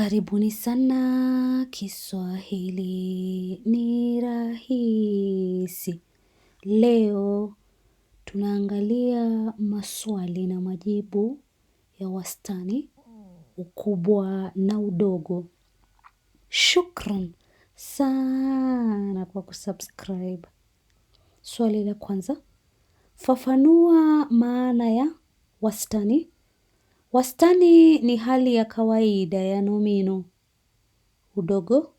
Karibuni sana Kiswahili ni rahisi. Leo tunaangalia maswali na majibu ya wastani, ukubwa na udogo. Shukran sana kwa kusubscribe. Swali la kwanza. Fafanua maana ya wastani Wastani ni hali ya kawaida ya nomino. Udogo.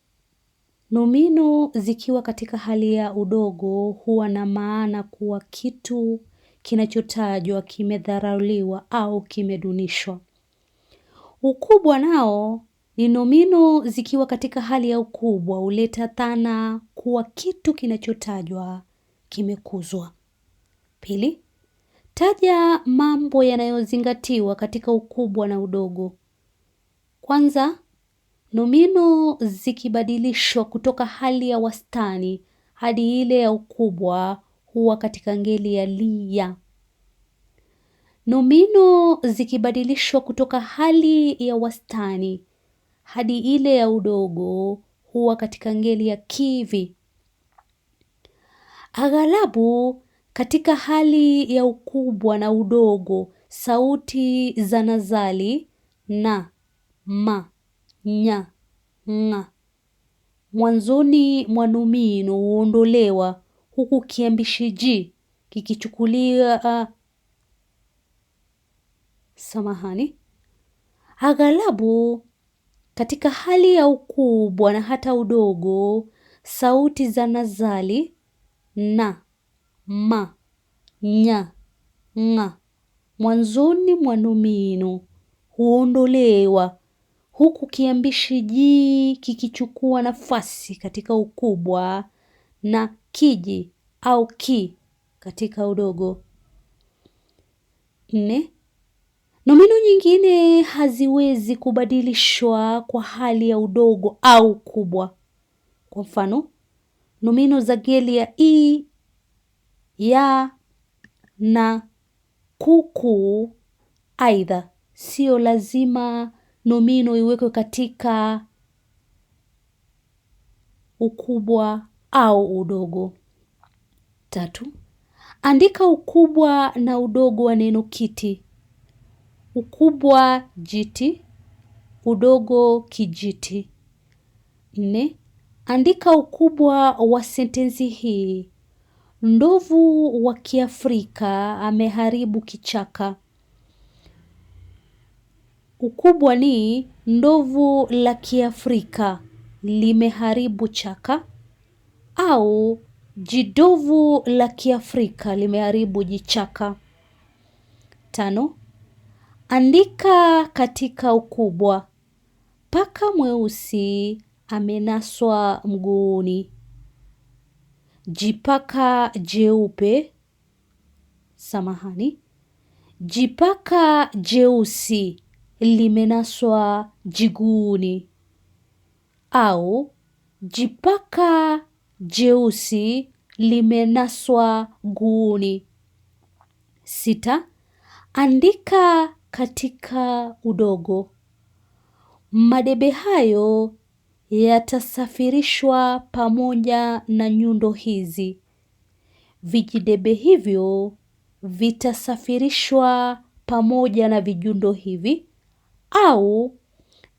Nomino zikiwa katika hali ya udogo huwa na maana kuwa kitu kinachotajwa kimedharauliwa au kimedunishwa. Ukubwa nao ni nomino zikiwa katika hali ya ukubwa huleta dhana kuwa kitu kinachotajwa kimekuzwa. Pili, Taja mambo yanayozingatiwa katika ukubwa na udogo. Kwanza, nomino zikibadilishwa kutoka hali ya wastani hadi ile ya ukubwa huwa katika ngeli ya liya. Nomino zikibadilishwa kutoka hali ya wastani hadi ile ya udogo huwa katika ngeli ya kivi. Aghalabu katika hali ya ukubwa na udogo, sauti za nazali na, ma, nya, ng'a mwanzoni mwa nomino huondolewa huku kiambishi ji kikichukulia. Samahani, aghalabu katika hali ya ukubwa na hata udogo, sauti za nazali na ma, nya, ng'a mwanzoni mwa nomino huondolewa huku kiambishi ji kikichukua nafasi katika ukubwa na kiji au ki katika udogo. Nne, nomino nyingine haziwezi kubadilishwa kwa hali ya udogo au kubwa. Kwa mfano, nomino za geli ya i e ya na kuku. Aidha, sio lazima nomino iwekwe katika ukubwa au udogo. Tatu, andika ukubwa na udogo wa neno kiti. Ukubwa jiti, udogo kijiti. Nne, andika ukubwa wa sentensi hii. Ndovu wa Kiafrika ameharibu kichaka. Ukubwa ni ndovu la Kiafrika limeharibu chaka au jidovu la Kiafrika limeharibu jichaka. Tano, andika katika ukubwa. Paka mweusi amenaswa mguuni jipaka jeupe, samahani, jipaka jeusi limenaswa jiguuni au jipaka jeusi limenaswa guuni. Sita, andika katika udogo. Madebe hayo yatasafirishwa pamoja na nyundo hizi. Vijidebe hivyo vitasafirishwa pamoja na vijundo hivi au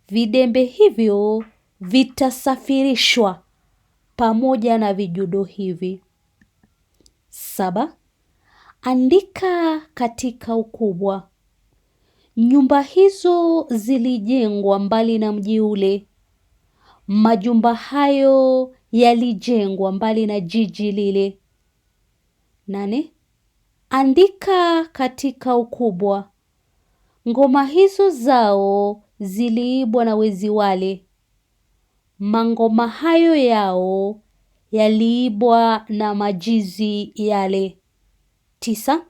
vidembe hivyo vitasafirishwa pamoja na vijudo hivi. Saba, andika katika ukubwa. Nyumba hizo zilijengwa mbali na mji ule Majumba hayo yalijengwa mbali na jiji lile. Nane, andika katika ukubwa. Ngoma hizo zao ziliibwa na wezi wale. Mangoma hayo yao yaliibwa na majizi yale. Tisa,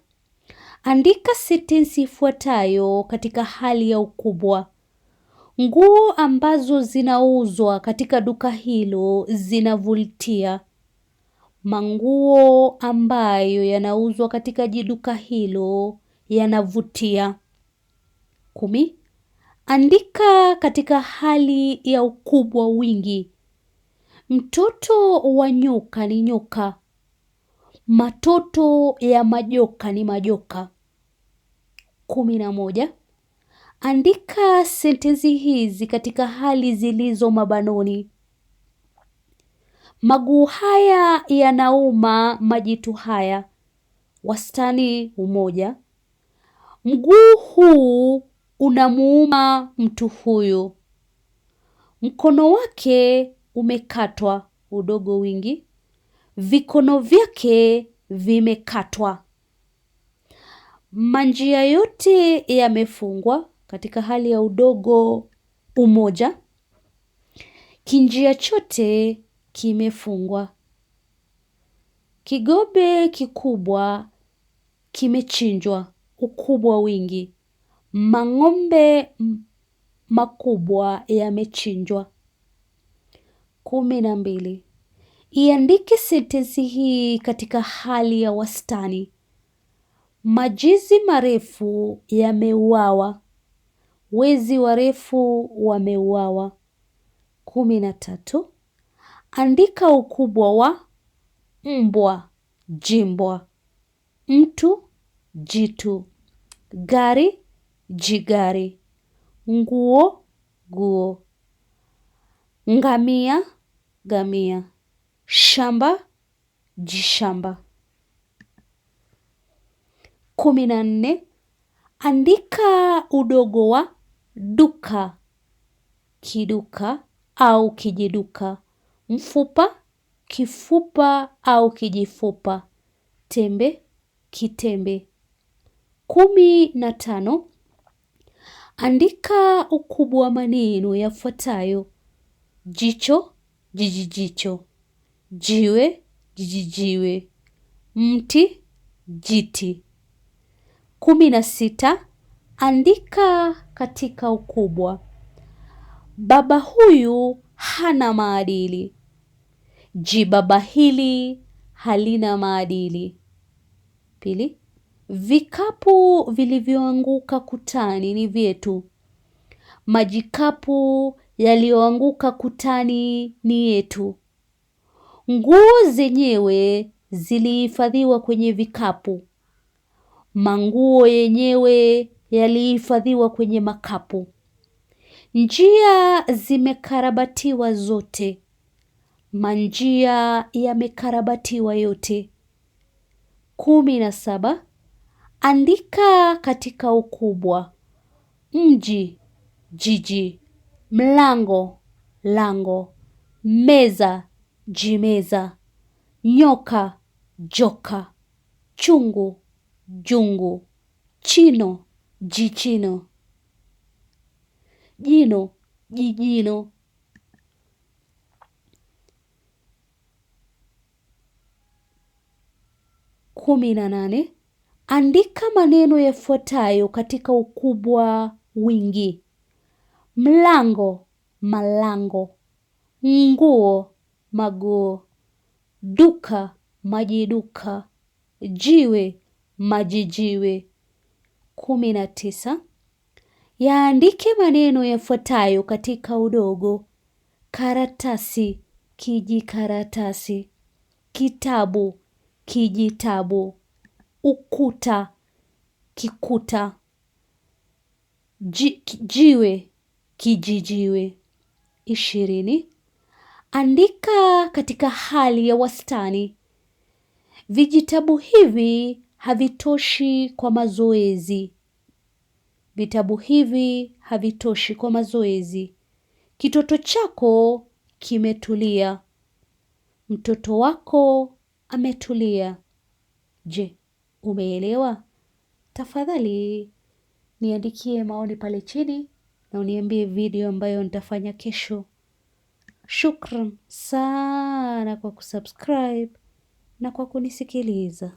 andika sentensi ifuatayo katika hali ya ukubwa. Nguo ambazo zinauzwa katika duka hilo zinavutia. Manguo ambayo yanauzwa katika jiduka hilo yanavutia. Kumi. Andika katika hali ya ukubwa wingi. Mtoto wa nyoka ni nyoka. Matoto ya majoka ni majoka. Kumi na moja. Andika sentensi hizi katika hali zilizo mabanoni. Maguu haya yanauma majitu haya, wastani umoja. Mguu huu unamuuma mtu huyu. Mkono wake umekatwa, udogo wingi. Vikono vyake vimekatwa. Manjia yote yamefungwa katika hali ya udogo, umoja. Kinjia chote kimefungwa. Kigobe kikubwa kimechinjwa, ukubwa wingi. Mang'ombe makubwa yamechinjwa. kumi na mbili. Iandike sentensi hii katika hali ya wastani. Majizi marefu yameuawa. Wezi warefu wameuawa. kumi na tatu. Andika ukubwa wa mbwa jimbwa, mtu jitu, gari jigari, nguo guo, ngamia gamia, shamba jishamba. kumi na nne. Andika udogo wa duka, kiduka au kijiduka, mfupa, kifupa au kijifupa, tembe, kitembe. kumi na tano. Andika ukubwa wa maneno yafuatayo: jicho, jijijicho, jiwe, jijijiwe, mti, jiti. kumi na sita. Andika katika ukubwa. Baba huyu hana maadili. ji baba hili halina maadili. Pili, vikapu vilivyoanguka kutani ni vyetu. Majikapu yaliyoanguka kutani ni yetu. Nguo zenyewe zilihifadhiwa kwenye vikapu. Manguo yenyewe yalihifadhiwa kwenye makapu. Njia zimekarabatiwa zote, manjia yamekarabatiwa yote. kumi na saba. Andika katika ukubwa: mji, jiji, mlango, lango, meza, jimeza, nyoka, joka, chungu, jungu, chino, jichino, jino, jijino. Kumi na nane. Andika maneno yafuatayo katika ukubwa wingi: mlango, malango, nguo, maguo, duka, majiduka, jiwe, majijiwe kumi na tisa yaandike maneno yafuatayo katika udogo: karatasi, kijikaratasi, kitabu, kijitabu, ukuta, kikuta, jiwe, kijijiwe. ishirini. Andika katika hali ya wastani. Vijitabu hivi havitoshi kwa mazoezi. Vitabu hivi havitoshi kwa mazoezi. Kitoto chako kimetulia. Mtoto wako ametulia. Je, umeelewa? Tafadhali niandikie maoni pale chini na uniambie video ambayo nitafanya kesho. Shukran sana kwa kusubscribe na kwa kunisikiliza.